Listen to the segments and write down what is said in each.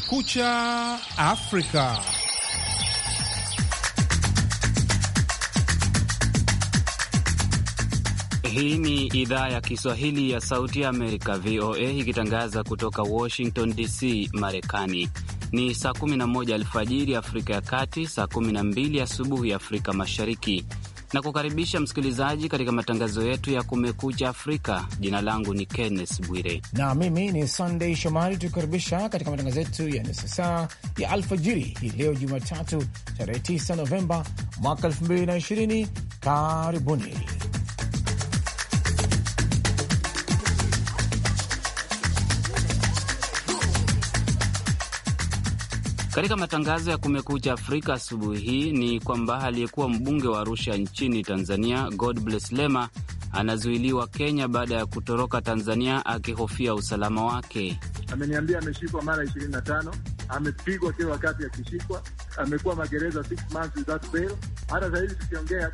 Kumekucha Afrika. Hii ni idhaa ya Kiswahili ya Sauti ya Amerika, VOA, ikitangaza kutoka Washington DC, Marekani. Ni saa 11 alfajiri Afrika ya Kati, saa 12 asubuhi Afrika Mashariki na kukaribisha msikilizaji katika matangazo yetu ya Kumekucha Afrika. Jina langu ni Kenneth Bwire na mimi ni Sunday Shomari, tukukaribisha katika matangazo yetu ya nusu saa ya alfajiri hii leo Jumatatu, tarehe 9 Novemba mwaka 2020. Karibuni. Katika matangazo ya Kumekucha Afrika asubuhi hii ni kwamba aliyekuwa mbunge wa Arusha nchini Tanzania, bless Lema anazuiliwa Kenya baada ya kutoroka Tanzania akihofia usalama wake. Ameniambia ameshikwa mara tano amepigwa kila wakati akishikwa, amekuwa magereza months without bail. Hata zaidi tukiongea,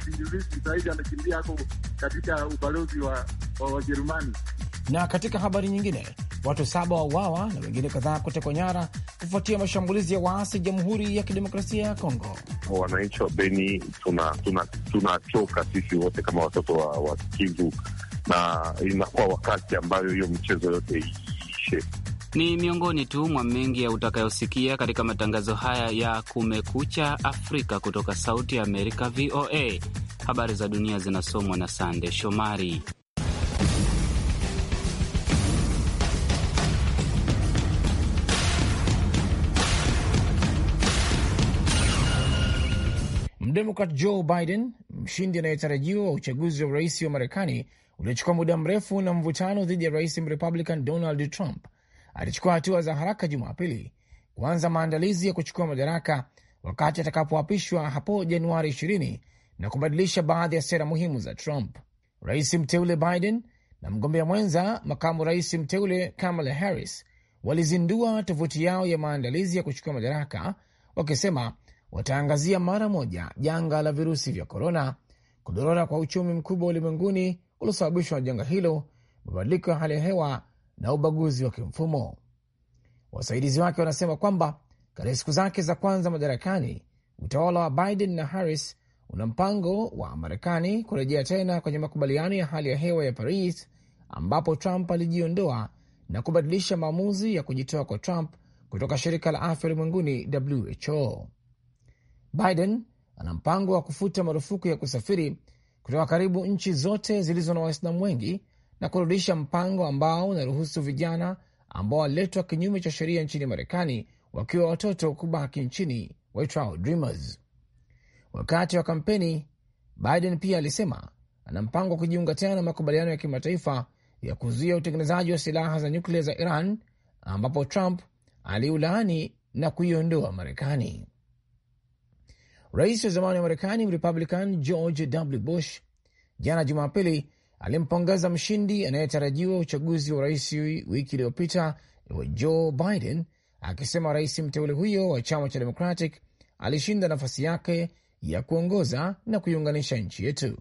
sahizi amekimbia hako katika ubalozi wa Wajerumani wa na katika habari nyingine, watu saba wauawa na wengine kadhaa kutekwa nyara kufuatia mashambulizi ya waasi Jamhuri ya Kidemokrasia ya Kongo. Wananchi wa Beni tunachoka tuna, tuna sisi wote kama watoto wa, wa Kivu, na inakuwa wakati ambayo hiyo mchezo yote iishe. Ni miongoni tu mwa mengi ya utakayosikia katika matangazo haya ya Kumekucha Afrika kutoka Sauti ya Amerika, VOA. Habari za dunia zinasomwa na Sande Shomari. Mdemokrat Joe Biden, mshindi anayetarajiwa wa uchaguzi wa urais wa Marekani uliochukua muda mrefu na mvutano dhidi ya rais Mrepublican Donald Trump, alichukua hatua za haraka Jumapili kuanza maandalizi ya kuchukua madaraka wakati atakapoapishwa hapo Januari 20 na kubadilisha baadhi ya sera muhimu za Trump. Rais mteule Biden na mgombea mwenza makamu rais mteule Kamala Harris walizindua tovuti yao ya maandalizi ya kuchukua madaraka wakisema wataangazia mara moja janga la virusi vya korona, kudorora kwa uchumi mkubwa ulimwenguni uliosababishwa na janga hilo, mabadiliko ya hali ya hewa na ubaguzi wa kimfumo. Wasaidizi wake wanasema kwamba katika siku zake za kwanza madarakani, utawala wa Biden na Harris una mpango wa Marekani kurejea tena kwenye makubaliano ya hali ya hewa ya Paris ambapo Trump alijiondoa na kubadilisha maamuzi ya kujitoa kwa Trump kutoka shirika la afya ulimwenguni WHO. Biden ana mpango wa kufuta marufuku ya kusafiri kutoka karibu nchi zote zilizo na Waislamu wengi na kurudisha mpango ambao unaruhusu vijana ambao waliletwa kinyume cha sheria nchini Marekani wakiwa watoto kubaki nchini waitwao Dreamers. Wakati wa kampeni, Biden pia alisema ana mpango wa kujiunga tena na makubaliano ya kimataifa ya kuzuia utengenezaji wa silaha za nyuklia za Iran ambapo Trump aliulaani na kuiondoa Marekani. Rais wa zamani wa Marekani Mrepublican George W. Bush jana Jumapili alimpongeza mshindi anayetarajiwa uchaguzi wa rais wiki iliyopita wa Joe Biden, akisema rais mteule huyo wa chama cha Democratic alishinda nafasi yake ya kuongoza na kuiunganisha nchi yetu.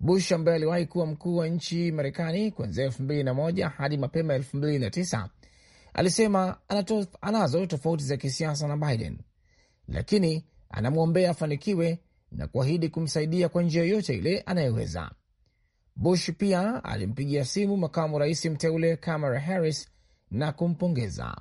Bush ambaye aliwahi kuwa mkuu wa nchi Marekani kuanzia elfu mbili na moja hadi mapema elfu mbili na tisa alisema anazo tofauti za kisiasa na Biden, lakini anamwombea afanikiwe na kuahidi kumsaidia kwa njia yoyote ile anayeweza. Bush pia alimpigia simu makamu rais mteule Kamala Harris na kumpongeza.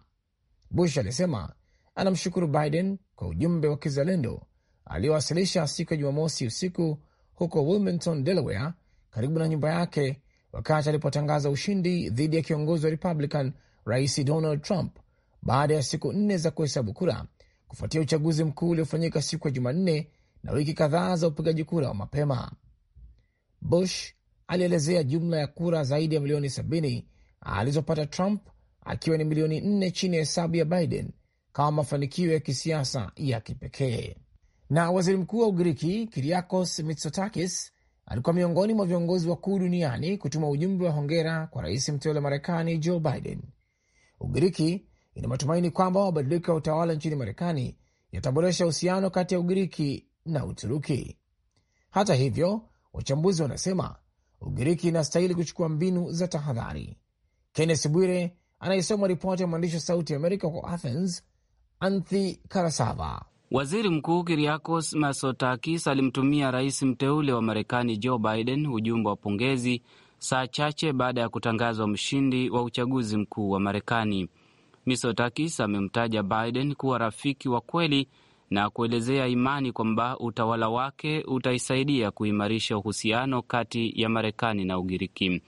Bush alisema anamshukuru Biden kwa ujumbe wa kizalendo aliyowasilisha siku ya Jumamosi usiku huko Wilmington, Delaware, karibu na nyumba yake wakati alipotangaza ushindi dhidi ya kiongozi wa Republican Rais Donald Trump baada ya siku nne za kuhesabu kura kufuatia uchaguzi mkuu uliofanyika siku ya Jumanne na wiki kadhaa za upigaji kura wa mapema. Bush alielezea jumla ya kura zaidi ya milioni 70 alizopata Trump, akiwa ni milioni nne chini ya hesabu ya Biden, kama mafanikio ya kisiasa ya kipekee. Na waziri mkuu wa Ugiriki Kiriakos Mitsotakis alikuwa miongoni mwa viongozi wakuu duniani kutuma ujumbe wa hongera kwa rais mteule wa Marekani Joe Biden. Ugiriki ina matumaini kwamba mabadiliko ya utawala nchini Marekani yataboresha uhusiano kati ya Ugiriki na Uturuki. Hata hivyo, wachambuzi wanasema Ugiriki inastahili kuchukua mbinu za tahadhari. Kennes Bwire anayesoma ripoti ya mwandishi wa Sauti ya Amerika kwa Athens, Anthi Karasava. Waziri Mkuu Kiriakos masotakis alimtumia rais mteule wa Marekani Joe Biden ujumbe wa pongezi saa chache baada ya kutangazwa mshindi wa uchaguzi mkuu wa Marekani. Misotakis amemtaja Biden kuwa rafiki wa kweli na kuelezea imani kwamba utawala wake utaisaidia kuimarisha uhusiano kati ya Marekani na Ugiriki.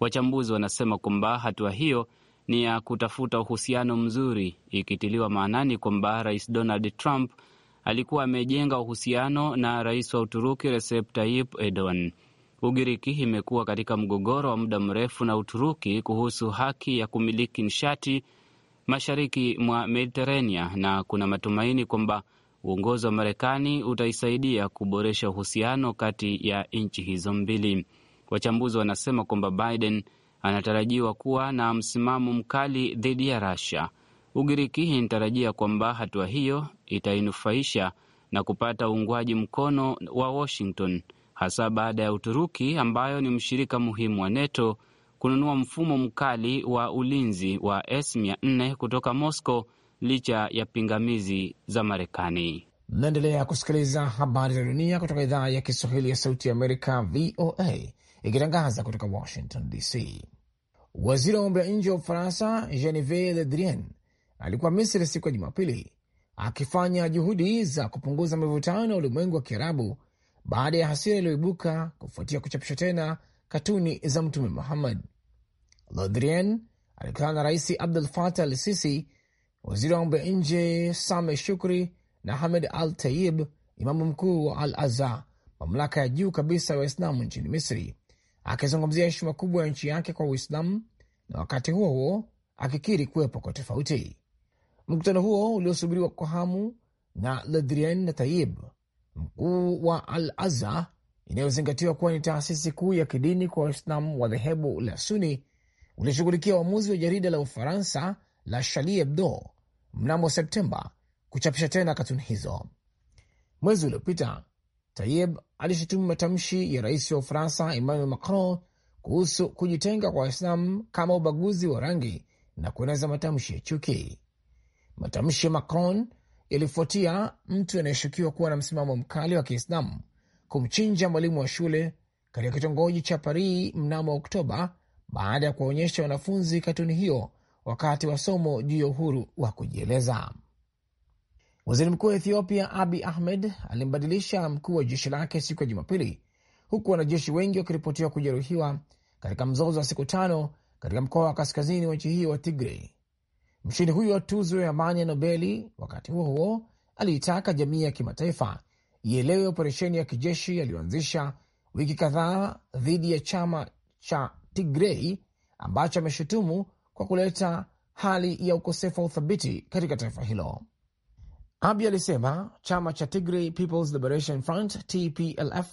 Wachambuzi wanasema kwamba hatua hiyo ni ya kutafuta uhusiano mzuri, ikitiliwa maanani kwamba Rais Donald Trump alikuwa amejenga uhusiano na rais wa Uturuki Recep Tayyip Erdogan. Ugiriki imekuwa katika mgogoro wa muda mrefu na Uturuki kuhusu haki ya kumiliki nishati mashariki mwa Mediterania na kuna matumaini kwamba uongozi wa Marekani utaisaidia kuboresha uhusiano kati ya nchi hizo mbili. Wachambuzi wanasema kwamba Biden anatarajiwa kuwa na msimamo mkali dhidi ya rusia Ugiriki inatarajia kwamba hatua hiyo itainufaisha na kupata uungwaji mkono wa Washington, hasa baada ya Uturuki ambayo ni mshirika muhimu wa NATO kununua mfumo mkali wa ulinzi wa S-400 kutoka Moscow licha ya pingamizi za Marekani. Mnaendelea kusikiliza habari za dunia kutoka idhaa ya Kiswahili ya Sauti ya Amerika, VOA, ikitangaza kutoka Washington DC. Waziri wa mambo ya nje wa Ufaransa Genevieve Le Drian alikuwa Misri siku ya Jumapili akifanya juhudi za kupunguza mivutano ya ulimwengu wa Kiarabu baada ya hasira iliyoibuka kufuatia kuchapishwa tena katuni za Mtume Muhammad. Lodrien alikutana na Rais Abdul Fatah al Sisi, waziri wa mambo ya nje Same Shukri na Hamed al Tayib, imamu mkuu wa Al Azhar, mamlaka ya juu kabisa ya wa Waislamu nchini Misri, akizungumzia heshima kubwa ya nchi yake kwa Uislamu na wakati huo huo akikiri kuwepo kwa tofauti. Mkutano huo uliosubiriwa kwa hamu na Ledrien na Tayib, mkuu wa Al Azhar inayozingatiwa kuwa ni taasisi kuu ya kidini kwa waislam wa dhehebu la Suni ulishughulikia uamuzi wa jarida la Ufaransa la Charlie Hebdo mnamo Septemba kuchapisha tena katuni hizo. Mwezi uliopita, Tayeb alishutumu matamshi ya rais wa Ufaransa Emmanuel Macron kuhusu kujitenga kwa waislam kama ubaguzi wa rangi na kueneza matamshi ya chuki. Matamshi ya Macron yalifuatia mtu anayeshukiwa kuwa na msimamo mkali wa Kiislamu kumchinja mwalimu wa shule katika kitongoji cha Paris mnamo Oktoba baada ya kuwaonyesha wanafunzi katuni hiyo wakati wa somo juu ya uhuru wa kujieleza. Waziri mkuu wa Ethiopia Abi Ahmed alimbadilisha mkuu wa jeshi lake siku ya Jumapili, huku wanajeshi wengi wakiripotiwa kujeruhiwa katika mzozo wa siku tano katika mkoa wa kaskazini wa nchi hiyo wa Tigrey. Mshindi huyo wa tuzo ya amani ya Nobeli wakati huo huo aliitaka jamii ya kimataifa ielewe operesheni ya kijeshi yaliyoanzisha wiki kadhaa dhidi ya chama cha Tigrei ambacho ameshutumu kwa kuleta hali ya ukosefu wa uthabiti katika taifa hilo. Abiy alisema chama cha Tigray People's Liberation Front TPLF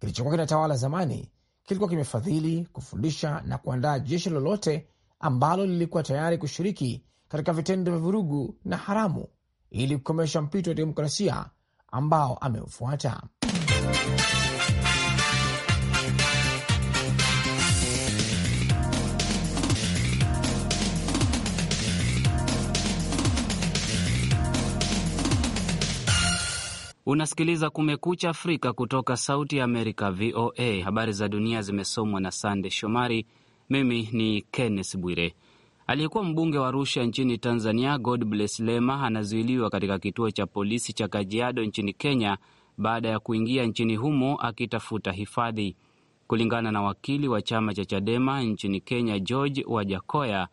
kilichokuwa kinatawala zamani kilikuwa kimefadhili, kufundisha na kuandaa jeshi lolote ambalo lilikuwa tayari kushiriki katika vitendo vya vurugu na haramu ili kukomesha mpito wa demokrasia ambao ameufuata. Unasikiliza Kumekucha Afrika kutoka Sauti ya Amerika, VOA. Habari za dunia zimesomwa na Sande Shomari. Mimi ni Kenneth Bwire. Aliyekuwa mbunge wa Arusha nchini Tanzania, Godbless Lema anazuiliwa katika kituo cha polisi cha Kajiado nchini Kenya baada ya kuingia nchini humo akitafuta hifadhi. Kulingana na wakili wa chama cha Chadema nchini Kenya, George Wajakoya,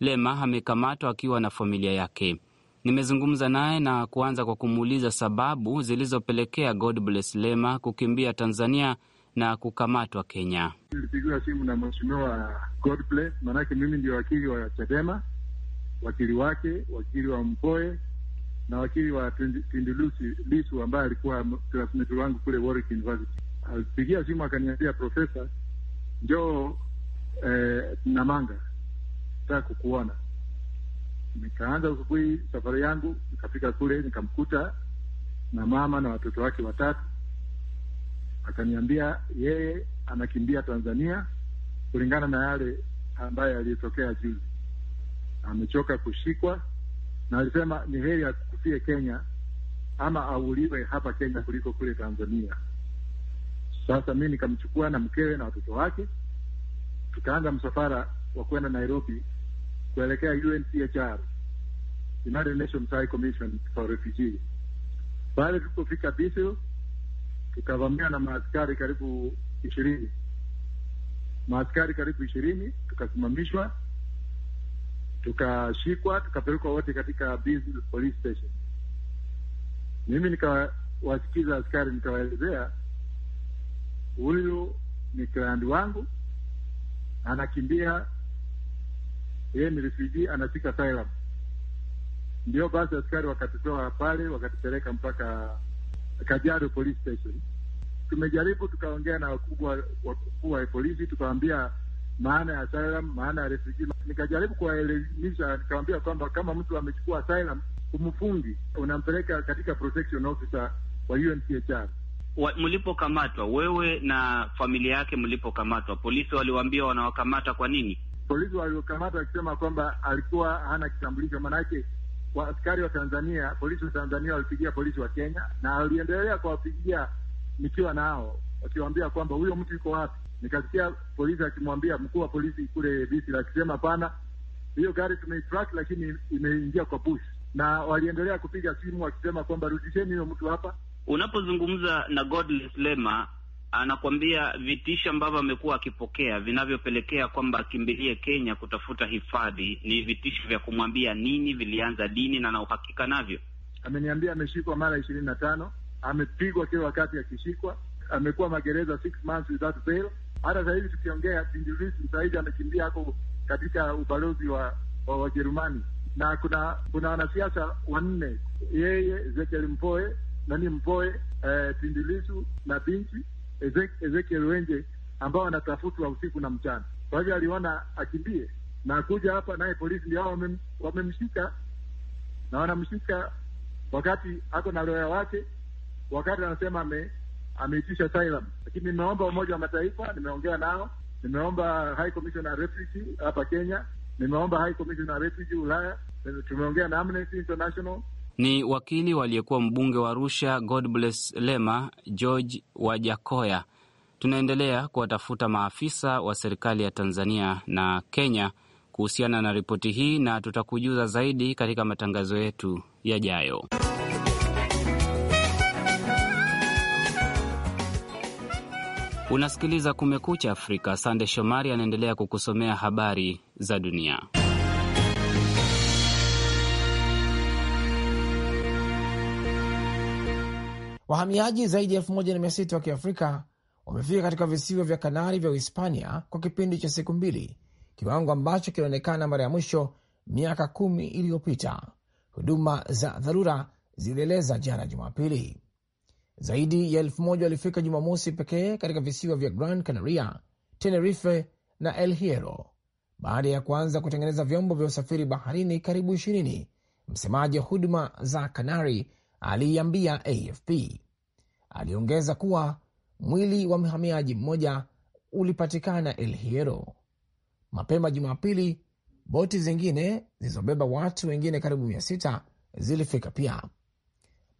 Lema amekamatwa akiwa na familia yake. Nimezungumza naye na kuanza kwa kumuuliza sababu zilizopelekea Godbless Lema kukimbia Tanzania na kukamatwa Kenya. Nilipigiwa simu na mheshimiwa Godbless, maanake mimi ndio wakili wa Chadema, wakili wake, wakili wa Mpoe na wakili wa Tundu Lissu ambaye alikuwa klasmeti wangu kule Warwick University. Alipigia simu akaniambia, profesa, njoo eh, Namanga, nataka kukuona. Nikaanza asubuhi safari yangu, nikafika kule nikamkuta na mama na watoto wake watatu akaniambia yeye anakimbia Tanzania kulingana na yale ambayo yalitokea juzi, amechoka kushikwa, na alisema ni heri akufie Kenya ama auliwe hapa Kenya kuliko kule Tanzania. Sasa mi nikamchukua na mkewe na watoto wake, tukaanza msafara wa kwenda Nairobi kuelekea UNHCR, United Nations High Commission for Refugees. Pale tulipofika Bisil tukavamia na maaskari karibu ishirini maaskari karibu ishirini tukasimamishwa, tukashikwa, tukapelekwa wote katika Police Station. Mimi nikawasikiza askari, nikawaelezea huyu ni klandi wangu, anakimbia, yeye ni refugee, anafika Ndio basi askari wakatutoa pale, wakatupeleka mpaka Kajiado Police Station. Tumejaribu tukaongea na wakuu wa polisi, tukawaambia maana ya asylum, maana ya refugee. Nikajaribu kuwaelimisha, nikawambia kwamba kama mtu amechukua asylum, kumfungi unampeleka katika protection officer wa UNHCR. Mlipokamatwa wewe na familia yake, mlipokamatwa polisi waliwaambia wanawakamata kwa nini? Polisi waliokamata wakisema kwamba alikuwa hana kitambulisho, maanake wa askari wa Tanzania, polisi wa Tanzania walipigia polisi wa Kenya, na waliendelea kuwapigia nikiwa nao, wakiwaambia kwamba huyo mtu yuko wapi. Nikasikia polisi akimwambia mkuu wa polisi kule Bisi akisema hapana, hiyo gari tumeitrack, lakini imeingia kwa bush, na waliendelea kupiga simu wakisema kwamba rudisheni huyo mtu hapa. Unapozungumza na Godless Lema anakuambia vitisho ambavyo amekuwa akipokea vinavyopelekea kwamba akimbilie Kenya kutafuta hifadhi ni vitisho vya kumwambia nini, vilianza dini na na uhakika navyo. Ameniambia ameshikwa mara ishirini na tano, amepigwa kila wakati akishikwa, amekuwa magereza six months without bail. Hata sahizi tukiongea, sahizi amekimbia ako katika ubalozi wa wa Wajerumani, na kuna kuna wanasiasa wanne, yeye Zekeli Mpoe nani Mpoe, eh, Tindilisu na Binchi Ezekiel Wenje ambao wanatafutwa usiku na mchana. Kwa hivyo aliona akimbie na kuja hapa, naye polisi ndio hao wamemshika na wanamshika wakati ako na loya wake, wakati anasema ame, ameitisha asylum. Lakini nimeomba Umoja wa Mataifa, nimeongea nao, nimeomba High Commissioner Refugee hapa Kenya, nimeomba High Commissioner Refugee Ulaya, tumeongea na Amnesty International ni wakili waliyekuwa mbunge wa Arusha Godbless Lema George Wajakoya. Tunaendelea kuwatafuta maafisa wa serikali ya Tanzania na Kenya kuhusiana na ripoti hii na tutakujuza zaidi katika matangazo yetu yajayo. Unasikiliza Kumekucha Afrika. Sande Shomari anaendelea kukusomea habari za dunia. Wahamiaji zaidi ya elfu moja na mia sita wa kiafrika wamefika katika visiwa vya Kanari vya Uhispania kwa kipindi cha siku mbili, kiwango ambacho kinaonekana mara ya mwisho miaka kumi iliyopita, huduma za dharura zilieleza jana Jumapili. Zaidi ya elfu moja walifika Jumamosi pekee katika visiwa vya Gran Canaria, Tenerife na El Hierro baada ya kuanza kutengeneza vyombo vya usafiri baharini karibu ishirini. Msemaji wa huduma za Kanari aliiambia AFP. Aliongeza kuwa mwili wa mhamiaji mmoja ulipatikana El Hierro. Mapema Jumapili, boti zingine zilizobeba watu wengine karibu mia sita zilifika pia.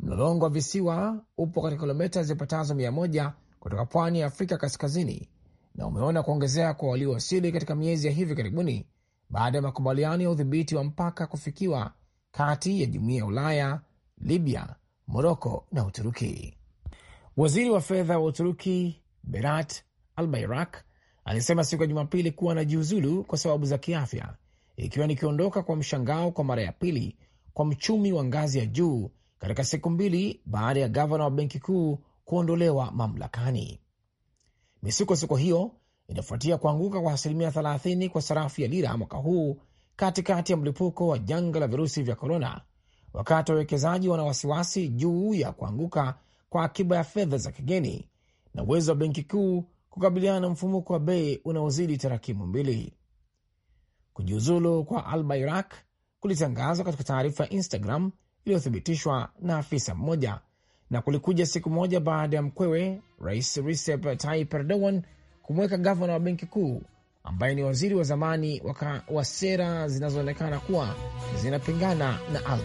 Mlolongo wa visiwa upo katika kilomita zipatazo mia moja kutoka pwani ya Afrika Kaskazini na umeona kuongezea kwa waliowasili katika miezi ya hivi karibuni baada ya makubaliano ya udhibiti wa mpaka kufikiwa kati ya Jumuiya ya Ulaya Libya, Moroko na Uturuki. Waziri wa fedha wa Uturuki Berat Albayrak alisema siku ya Jumapili kuwa anajiuzulu kwa sababu za kiafya, ikiwa ni kiondoka kwa mshangao kwa mara ya pili kwa mchumi wa ngazi ya juu katika siku mbili baada ya gavana wa benki kuu kuondolewa mamlakani. Misukosuko hiyo inafuatia kuanguka kwa asilimia 30 kwa sarafu ya lira mwaka huu katikati ya mlipuko wa janga la virusi vya korona wakati wawekezaji wana wasiwasi juu ya kuanguka kwa akiba ya fedha za kigeni na uwezo wa benki kuu kukabiliana na mfumuko wa bei unaozidi tarakimu mbili. Kujiuzulu kwa al kulitangazwa katika taarifa ya Instagram iliyothibitishwa na afisa mmoja na kulikuja siku moja baada ya mkwewe Rais Recep Tayyip Erdogan kumweka gavana wa benki kuu ambaye ni waziri wa zamani waka, wa sera zinazoonekana kuwa zinapingana na al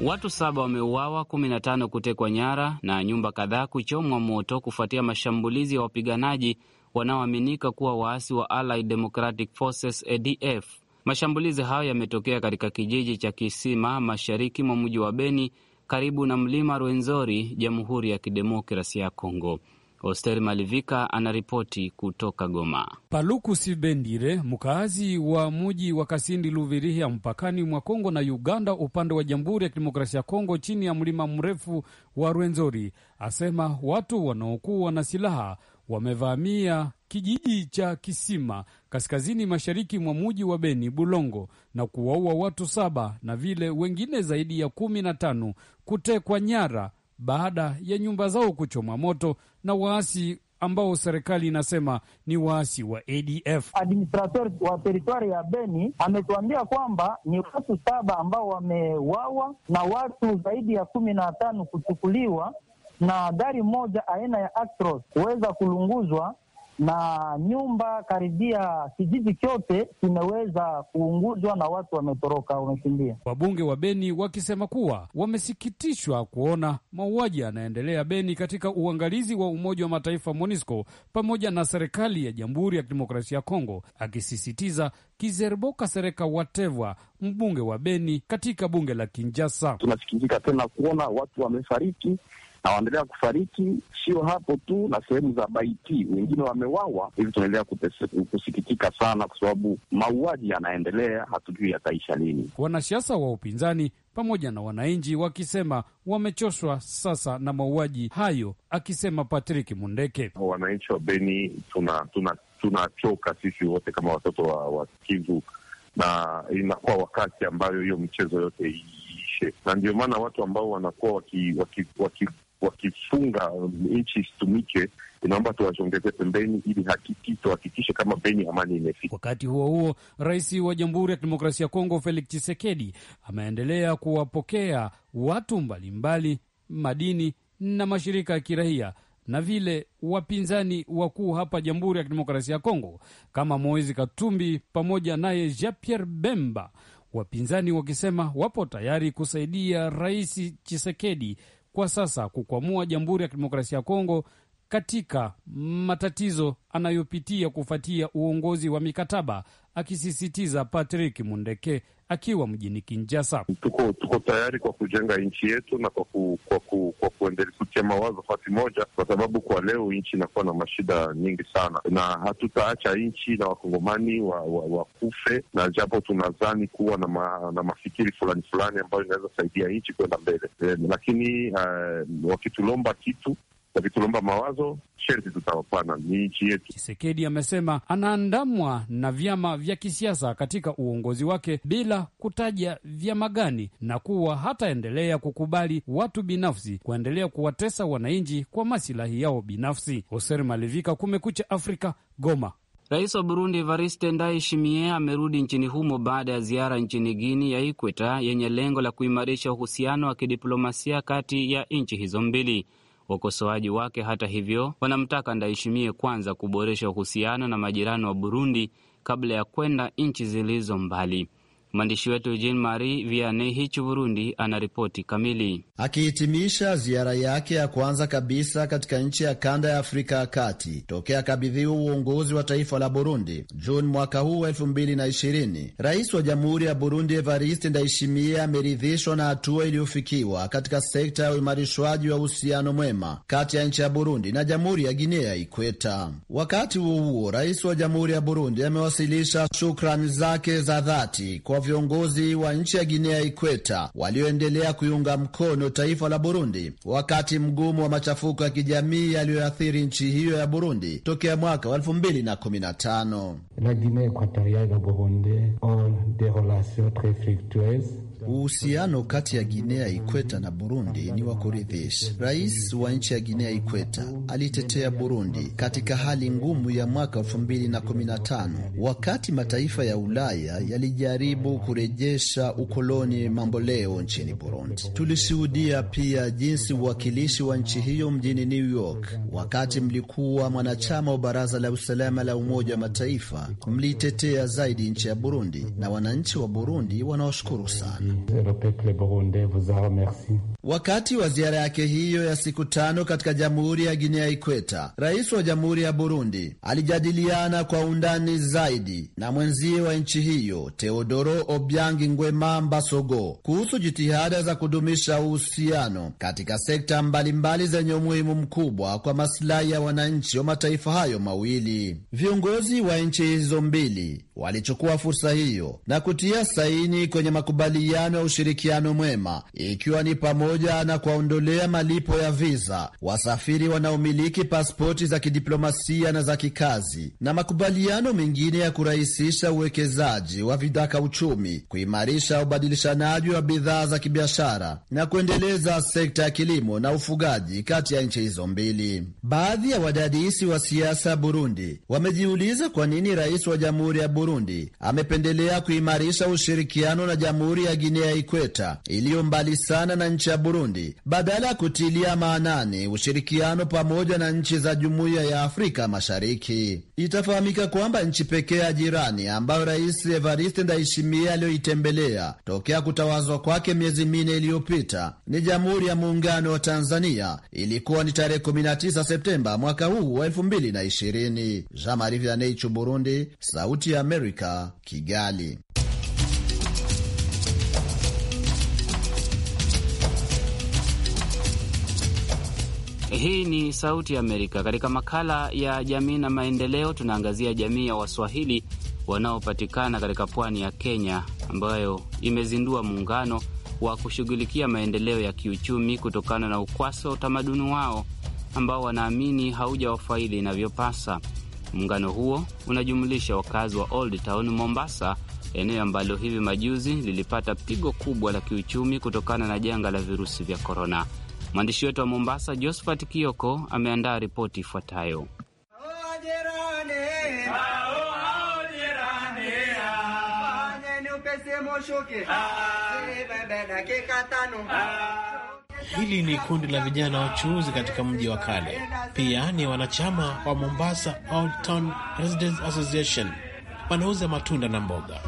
Watu saba wameuawa, 15 kutekwa nyara na nyumba kadhaa kuchomwa moto kufuatia mashambulizi ya wapiganaji wanaoaminika kuwa waasi wa Allied Democratic Forces ADF. Mashambulizi hayo yametokea katika kijiji cha Kisima mashariki mwa mji wa Beni karibu na mlima Rwenzori, Jamhuri ya Kidemokrasia ya Kongo. Oster Malivika anaripoti kutoka Goma. Paluku Sibendire, mkaazi wa muji wa Kasindi Luvirihia, mpakani mwa Kongo na Uganda, upande wa Jamhuri ya Kidemokrasia ya Kongo, chini ya mlima mrefu wa Rwenzori, asema watu wanaokuwa na silaha wamevamia kijiji cha Kisima kaskazini mashariki mwa muji wa Beni Bulongo na kuwaua watu saba na vile wengine zaidi ya kumi na tano kutekwa nyara baada ya nyumba zao kuchomwa moto na waasi ambao serikali inasema ni waasi wa ADF. Administrator wa teritwari ya Beni ametuambia kwamba ni watu saba ambao wamewawa na watu zaidi ya kumi na tano kuchukuliwa na gari moja aina ya Actros kuweza kulunguzwa na nyumba karibia kijiji chote kimeweza kuunguzwa na watu wametoroka, wamekimbia. Wabunge wa Beni wakisema kuwa wamesikitishwa kuona mauaji yanaendelea Beni katika uangalizi wa Umoja wa Mataifa MONUSCO pamoja na serikali ya Jamhuri ya Kidemokrasia ya Kongo, akisisitiza Kizerboka Sereka Watevwa, mbunge wa Beni katika bunge la Kinjasa. Tunasikitika tena kuona watu wamefariki na kufariki. Sio hapo tu, na sehemu za Baiti wengine wamewawa. Hivi tunaendelea kusikitika sana, kwa sababu mauaji yanaendelea, hatujui yataisha lini. Wanasiasa wa upinzani pamoja na wananchi wakisema wamechoshwa sasa na mauaji hayo, akisema Patrick Mundeke. Wananchi wa Beni tunachoka, tuna, tuna sisi wote kama watoto wa, wa Kivu, na inakuwa wakati ambayo hiyo mchezo yote iishe na ndio maana watu ambao wanakuwa wakipigania waki, wakifunga um, nchi isitumike, inaomba tuwazongeze pembeni ili hakiki tuhakikishe kama Beni amani imefika. Wakati huo huo, rais wa Jamhuri ya Kidemokrasia ya Kongo Felix Tshisekedi ameendelea kuwapokea watu mbalimbali mbali, madini na mashirika ya kiraia na vile wapinzani wakuu hapa Jamhuri ya Kidemokrasia ya Kongo kama Moezi Katumbi pamoja naye Jean Pierre Bemba, wapinzani wakisema wapo tayari kusaidia Rais Chisekedi kwa sasa kukwamua Jamhuri ya Kidemokrasia ya Kongo katika matatizo anayopitia kufuatia uongozi wa mikataba, akisisitiza Patrick Mundeke akiwa mjini Kinjasa. Tuko, tuko tayari kwa kujenga nchi yetu na kwa, ku, kwa, ku, kwa kuendelea kutia mawazo fasi moja, kwa sababu kwa leo nchi inakuwa na mashida nyingi sana, na hatutaacha nchi na wakongomani wakufe wa, wa na japo tunadhani kuwa na, ma, na mafikiri fulani fulani ambayo inaweza saidia nchi kwenda mbele e, lakini uh, wakitulomba kitu wakitulomba mawazo, sherti tutawapana, ni nchi yetu. Kisekedi amesema anaandamwa na vyama vya kisiasa katika uongozi wake bila kutaja vyama gani, na kuwa hataendelea kukubali watu binafsi kuendelea kuwatesa wananchi kwa masilahi yao binafsi. Hoser Malivika, Kumekucha Afrika, Goma. Rais wa Burundi Evariste Ndayishimiye amerudi nchini humo baada ya ziara nchini Guini ya Ikweta yenye lengo la kuimarisha uhusiano wa kidiplomasia kati ya nchi hizo mbili. Wakosoaji wake, hata hivyo, wanamtaka Ndayishimiye kwanza kuboresha uhusiano na majirani wa Burundi kabla ya kwenda nchi zilizo mbali. Mwandishi wetu Jean Marie Viane Hichu, Burundi, anaripoti kamili. Akihitimisha ziara yake ya kwanza kabisa katika nchi ya kanda ya Afrika ya kati tokea akabidhiwa uongozi wa taifa la Burundi Juni mwaka huu elfu mbili na ishirini, rais wa jamhuri ya Burundi Evariste Ndayishimiye ameridhishwa na hatua iliyofikiwa katika sekta ya uimarishwaji wa uhusiano mwema kati ya nchi ya Burundi na jamhuri ya Guinea Ikweta. Wakati huo huo, rais wa jamhuri ya Burundi amewasilisha shukrani zake za dhati kwa viongozi wa nchi ya Guinea Ikweta walioendelea kuiunga mkono taifa la Burundi wakati mgumu wa machafuko ya kijamii yaliyoathiri nchi hiyo ya Burundi tokea mwaka wa elfu mbili na kumi na tano. La Guinea Equatoriale na Burundi ont des relations tres fructueuses Uhusiano kati ya Guinea Ikweta na Burundi ni wa kuridhisha. Rais wa nchi ya Guinea Ikweta alitetea Burundi katika hali ngumu ya mwaka 2015 wakati mataifa ya Ulaya yalijaribu kurejesha ukoloni mamboleo nchini Burundi. Tulishuhudia pia jinsi uwakilishi wa nchi hiyo mjini New York, wakati mlikuwa mwanachama wa Baraza la Usalama la Umoja wa Mataifa, mlitetea zaidi nchi ya Burundi, na wananchi wa Burundi wanaoshukuru sana. Wakati wa ziara yake hiyo ya siku tano katika Jamhuri ya Guinea Ikweta, rais wa Jamhuri ya Burundi alijadiliana kwa undani zaidi na mwenzie wa nchi hiyo Teodoro Obiang ngwema mbasogo kuhusu jitihada za kudumisha uhusiano katika sekta mbalimbali zenye umuhimu mkubwa kwa masilahi ya wananchi wa mataifa hayo mawili. Viongozi wa nchi hizo mbili walichukua fursa hiyo na kutia saini kwenye makubaliano makubaliano ya ushirikiano mwema, ikiwa ni pamoja na kuwaondolea malipo ya viza wasafiri wanaomiliki pasipoti za kidiplomasia na za kikazi, na makubaliano mengine ya kurahisisha uwekezaji wa vidaka uchumi, kuimarisha ubadilishanaji wa bidhaa za kibiashara na kuendeleza sekta ya kilimo na ufugaji kati ya nchi hizo mbili. Baadhi ya wadadisi wa siasa Burundi wamejiuliza kwa nini rais wa jamhuri ya Burundi amependelea kuimarisha ushirikiano na jamhuri ya Guinea ya Ikweta iliyo mbali sana na nchi ya Burundi, badala ya kutilia maanani ushirikiano pamoja na nchi za Jumuiya ya Afrika Mashariki. Itafahamika kwamba nchi pekee ya jirani ambayo Rais Evariste Ndayishimiye aliyoitembelea tokea kutawazwa kwake miezi minne iliyopita ni Jamhuri ya Muungano wa Tanzania. Ilikuwa ni tarehe 19 Septemba mwaka huu wa 2020. Burundi, Sauti ya Amerika, Kigali. Hii ni Sauti ya Amerika. Katika makala ya jamii na maendeleo, tunaangazia jamii ya Waswahili wanaopatikana katika pwani ya Kenya ambayo imezindua muungano wa kushughulikia maendeleo ya kiuchumi kutokana na ukwasi wa utamaduni wao ambao wanaamini haujawafaidi inavyopasa. Muungano huo unajumulisha wakazi wa Old Town Mombasa, eneo ambalo hivi majuzi lilipata pigo kubwa la kiuchumi kutokana na janga la virusi vya korona. Mwandishi wetu wa Mombasa, Josphat Kioko, ameandaa ripoti ifuatayo. Hili ni kundi la vijana wachuuzi katika mji wa kale, pia ni wanachama wa Mombasa Old Town Residents Association. Wanauza matunda na mboga.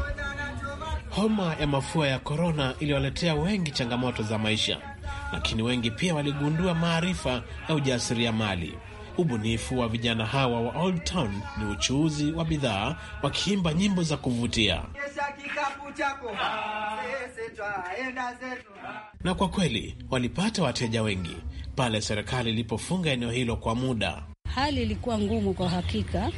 Homa ya mafua ya korona iliwaletea wengi changamoto za maisha lakini wengi pia waligundua maarifa ya ujasiriamali. Ubunifu wa vijana hawa wa Old Town ni uchuuzi wa bidhaa, wakiimba nyimbo za kuvutia na kwa kweli walipata wateja wengi pale serikali ilipofunga eneo hilo kwa muda. Hali ilikuwa ngumu kwa hakika,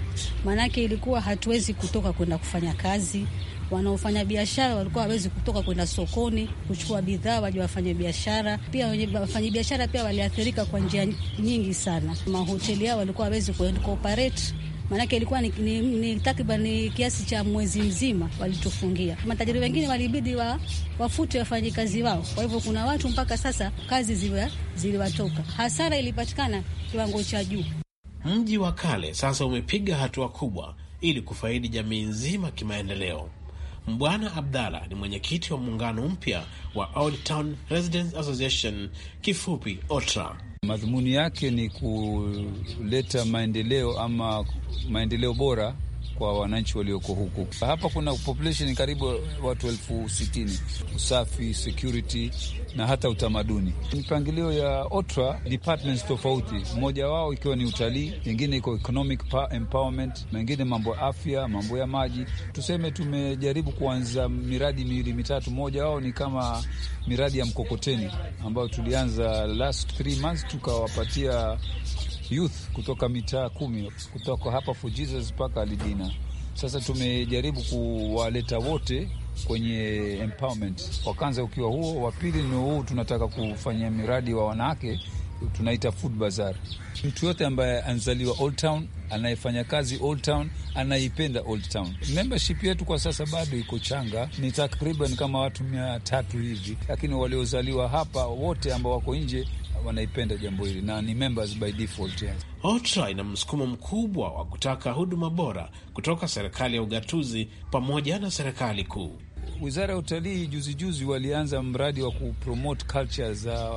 maanake ilikuwa hatuwezi kutoka kwenda kufanya kazi, wanaofanya biashara walikuwa hawezi kutoka kwenda sokoni kuchukua bidhaa waje wafanye biashara. Pia wafanya biashara pia waliathirika kwa njia nyingi sana. Mahoteli yao walikuwa hawezi kuoperate maanake ilikuwa ni, ni, ni takriban ni kiasi cha mwezi mzima walitufungia. Matajiri wengine walibidi wa, wafute wafanyikazi wao. Kwa hivyo kuna watu mpaka sasa kazi ziliwatoka, hasara ilipatikana kiwango cha juu. Mji wa kale sasa umepiga hatua kubwa ili kufaidi jamii nzima kimaendeleo. Mbwana Abdalla ni mwenyekiti wa muungano mpya wa Old Town Residents Association, kifupi OTRA. Madhumuni yake ni kuleta maendeleo ama maendeleo bora kwa wananchi walioko huku. Hapa kuna population karibu watu elfu sitini. Usafi, security na hata utamaduni. Mipangilio ya OTRA departments tofauti, mmoja wao ikiwa ni utalii, nyingine iko economic empowerment, mengine mambo ya afya, mambo ya maji. Tuseme tumejaribu kuanza miradi miwili mitatu, mmoja wao ni kama miradi ya mkokoteni ambayo tulianza last three months tukawapatia youth kutoka mitaa kumi kutoka hapa For Jesus mpaka Alidina. Sasa tumejaribu kuwaleta wote kwenye empowerment. Wa kwanza ukiwa huo, wa pili ni huu, tunataka kufanya miradi wa wanawake tunaita food bazar. Mtu yote ambaye anazaliwa Old Town, anayefanya kazi Old Town, anaipenda Old Town. Membership yetu kwa sasa bado iko changa, ni takriban kama watu mia tatu hivi, lakini waliozaliwa hapa wote ambao wako nje wanaipenda jambo hili na ni members by default yes. OTRA ina msukumo mkubwa wa kutaka huduma bora kutoka serikali ya ugatuzi pamoja na serikali kuu. Wizara ya Utalii juzi juzi walianza mradi wa kupromote culture za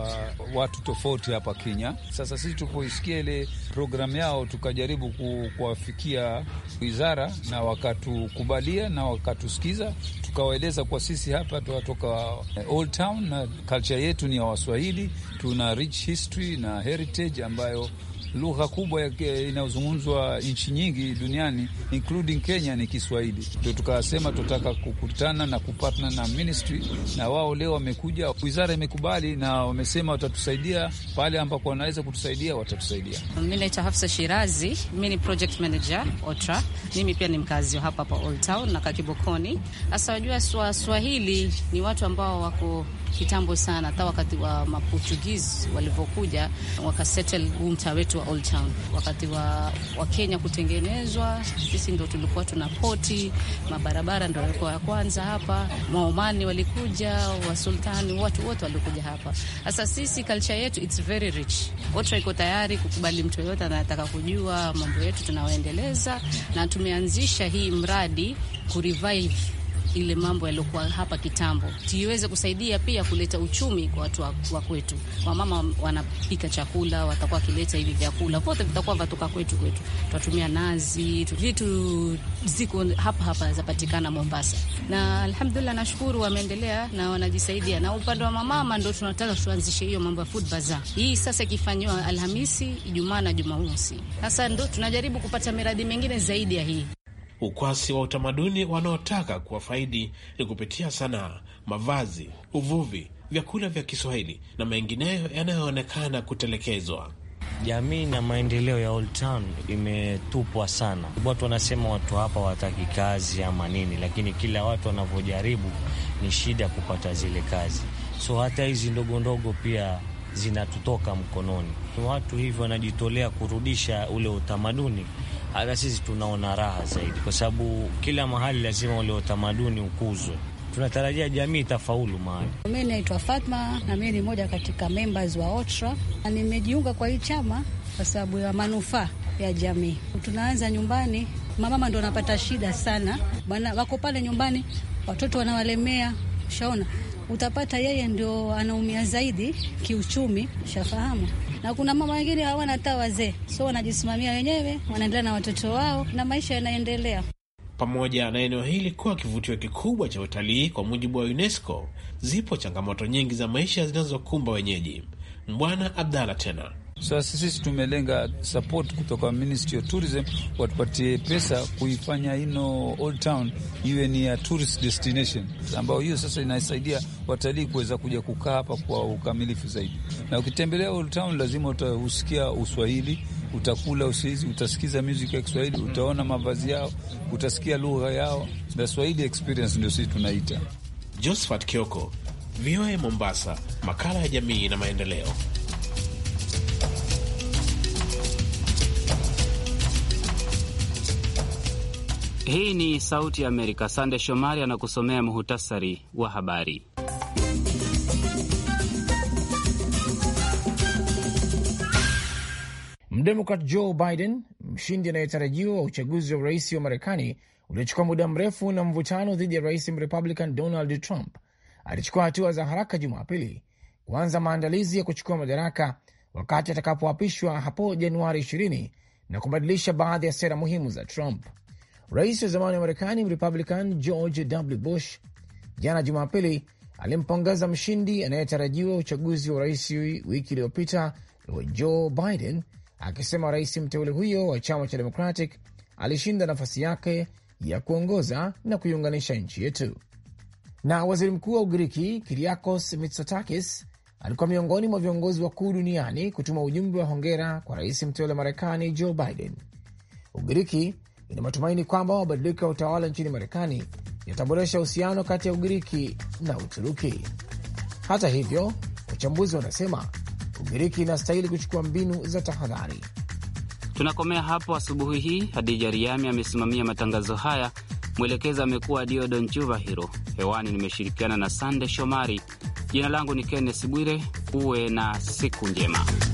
watu tofauti hapa Kenya. Sasa sisi tupoisikia ile programu yao, tukajaribu kuwafikia wizara na wakatukubalia na wakatusikiza, tukawaeleza kwa sisi hapa tunatoka Old Town na culture yetu ni ya Waswahili, tuna rich history na heritage ambayo lugha kubwa inayozungumzwa nchi nyingi duniani including Kenya ni Kiswahili. Ndio tukasema tutaka kukutana na kupatna na ministry, na wao leo wamekuja, wizara imekubali na wamesema watatusaidia pale ambapo wanaweza kutusaidia, watatusaidia. Mi naitwa Hafsa Shirazi, mi ni project manager Otra. Mimi pia ni mkazi wa hapa hapa Old Town na Kakibokoni. Sasa wajua Swahili ni watu ambao wako kitambo sana, hata wakati wa Maportugizi walivyokuja wakasettle huu mtaa wetu wa Old Town. Wakati wa, wa Kenya kutengenezwa, sisi ndo tulikuwa tuna poti, mabarabara ndo yalikuwa ya kwanza hapa. Maomani walikuja, wasultani, watu wote walikuja hapa. Sasa sisi culture yetu it's very rich, watu wako tayari kukubali mtu yoyote anataka kujua mambo yetu, tunawaendeleza na tumeanzisha hii mradi kurevive ile mambo yaliyokuwa hapa kitambo, tuiweze kusaidia pia kuleta uchumi kwa watu wa kwetu. Wamama wanapika chakula, watakuwa wakileta hivi vyakula vote vitakuwa vatoka kwetu kwetu, tutatumia nazi, vitu ziko hapa hapa zapatikana Mombasa, na alhamdulillah, nashukuru wameendelea na wanajisaidia. Na upande wa mamama ndo tunataka tuanzishe hiyo mambo ya food bazaar hii sasa, ikifanyiwa Alhamisi, Ijumaa na Jumamosi. Sasa ndo tunajaribu kupata miradi mingine zaidi ya hii ukwasi wa utamaduni wanaotaka kuwafaidi ni kupitia sanaa, mavazi, uvuvi, vyakula vya Kiswahili na mengineyo yanayoonekana kutelekezwa. Jamii na maendeleo ya Old Town imetupwa sana. Watu wanasema watu hapa wataki kazi ama nini, lakini kila watu wanavyojaribu ni shida kupata zile kazi. So hata hizi ndogo ndogo pia zinatutoka mkononi. Watu hivyo wanajitolea kurudisha ule utamaduni hata sisi tunaona raha zaidi, kwa sababu kila mahali lazima ule utamaduni ukuzwe. Tunatarajia jamii itafaulu mahali. Mi naitwa Fatma na mi ni moja katika members wa OTRA na nimejiunga kwa hii chama kwa sababu ya manufaa ya jamii. Tunaanza nyumbani, mamama ndo wanapata shida sana, bwana wako pale nyumbani, watoto wanawalemea, ushaona, utapata yeye ndio anaumia zaidi kiuchumi, shafahamu na kuna mama wengine hawana hata wazee, so wanajisimamia wenyewe, wanaendelea na watoto wao na maisha yanaendelea. Pamoja na eneo hili kuwa kivutio kikubwa cha utalii kwa mujibu wa UNESCO, zipo changamoto nyingi za maisha zinazokumba wenyeji. Mbwana Abdalla tena sasa sisi tumelenga support kutoka Ministry of Tourism, watupatie pesa kuifanya ino Old Town iwe ni ya tourist destination, ambayo hiyo sasa inasaidia watalii kuweza kuja kukaa hapa kwa ukamilifu zaidi. Na ukitembelea Old Town lazima utahusikia Uswahili, utakula usizi, utasikiza music ya Kiswahili, utaona mavazi yao, utasikia lugha yao. The Swahili experience ndio sisi tunaita. Josephat Kioko, VOA Mombasa, makala ya jamii na maendeleo. Hii ni Sauti ya Amerika. Sande Shomari anakusomea muhutasari wa habari. Mdemokrat Joe Biden, mshindi anayetarajiwa wa uchaguzi wa urais wa Marekani uliochukua muda mrefu na mvutano dhidi ya rais Mrepublican Donald Trump, alichukua hatua za haraka Jumapili kuanza maandalizi ya kuchukua madaraka wakati atakapoapishwa hapo Januari 20 na kubadilisha baadhi ya sera muhimu za Trump. Rais wa zamani wa Marekani mrepublican George W. Bush jana Jumapili alimpongeza mshindi anayetarajiwa uchaguzi wa rais wiki iliyopita wa Joe Biden, akisema rais mteule huyo wa chama cha Democratic alishinda nafasi yake ya kuongoza na kuiunganisha nchi yetu. Na waziri mkuu wa Ugiriki Kiriakos Mitsotakis alikuwa miongoni mwa viongozi wakuu duniani kutuma ujumbe wa hongera kwa rais mteule wa Marekani Joe Biden. Ugiriki ina matumaini kwamba mabadiliko ya utawala nchini Marekani yataboresha uhusiano kati ya Ugiriki na Uturuki. Hata hivyo, wachambuzi wanasema Ugiriki inastahili kuchukua mbinu za tahadhari. Tunakomea hapo asubuhi hii. Hadija Riami amesimamia matangazo haya, mwelekezi amekuwa Diodon Chuva Hiro. Hewani nimeshirikiana na Sande Shomari. Jina langu ni Kennes Bwire. Uwe na siku njema.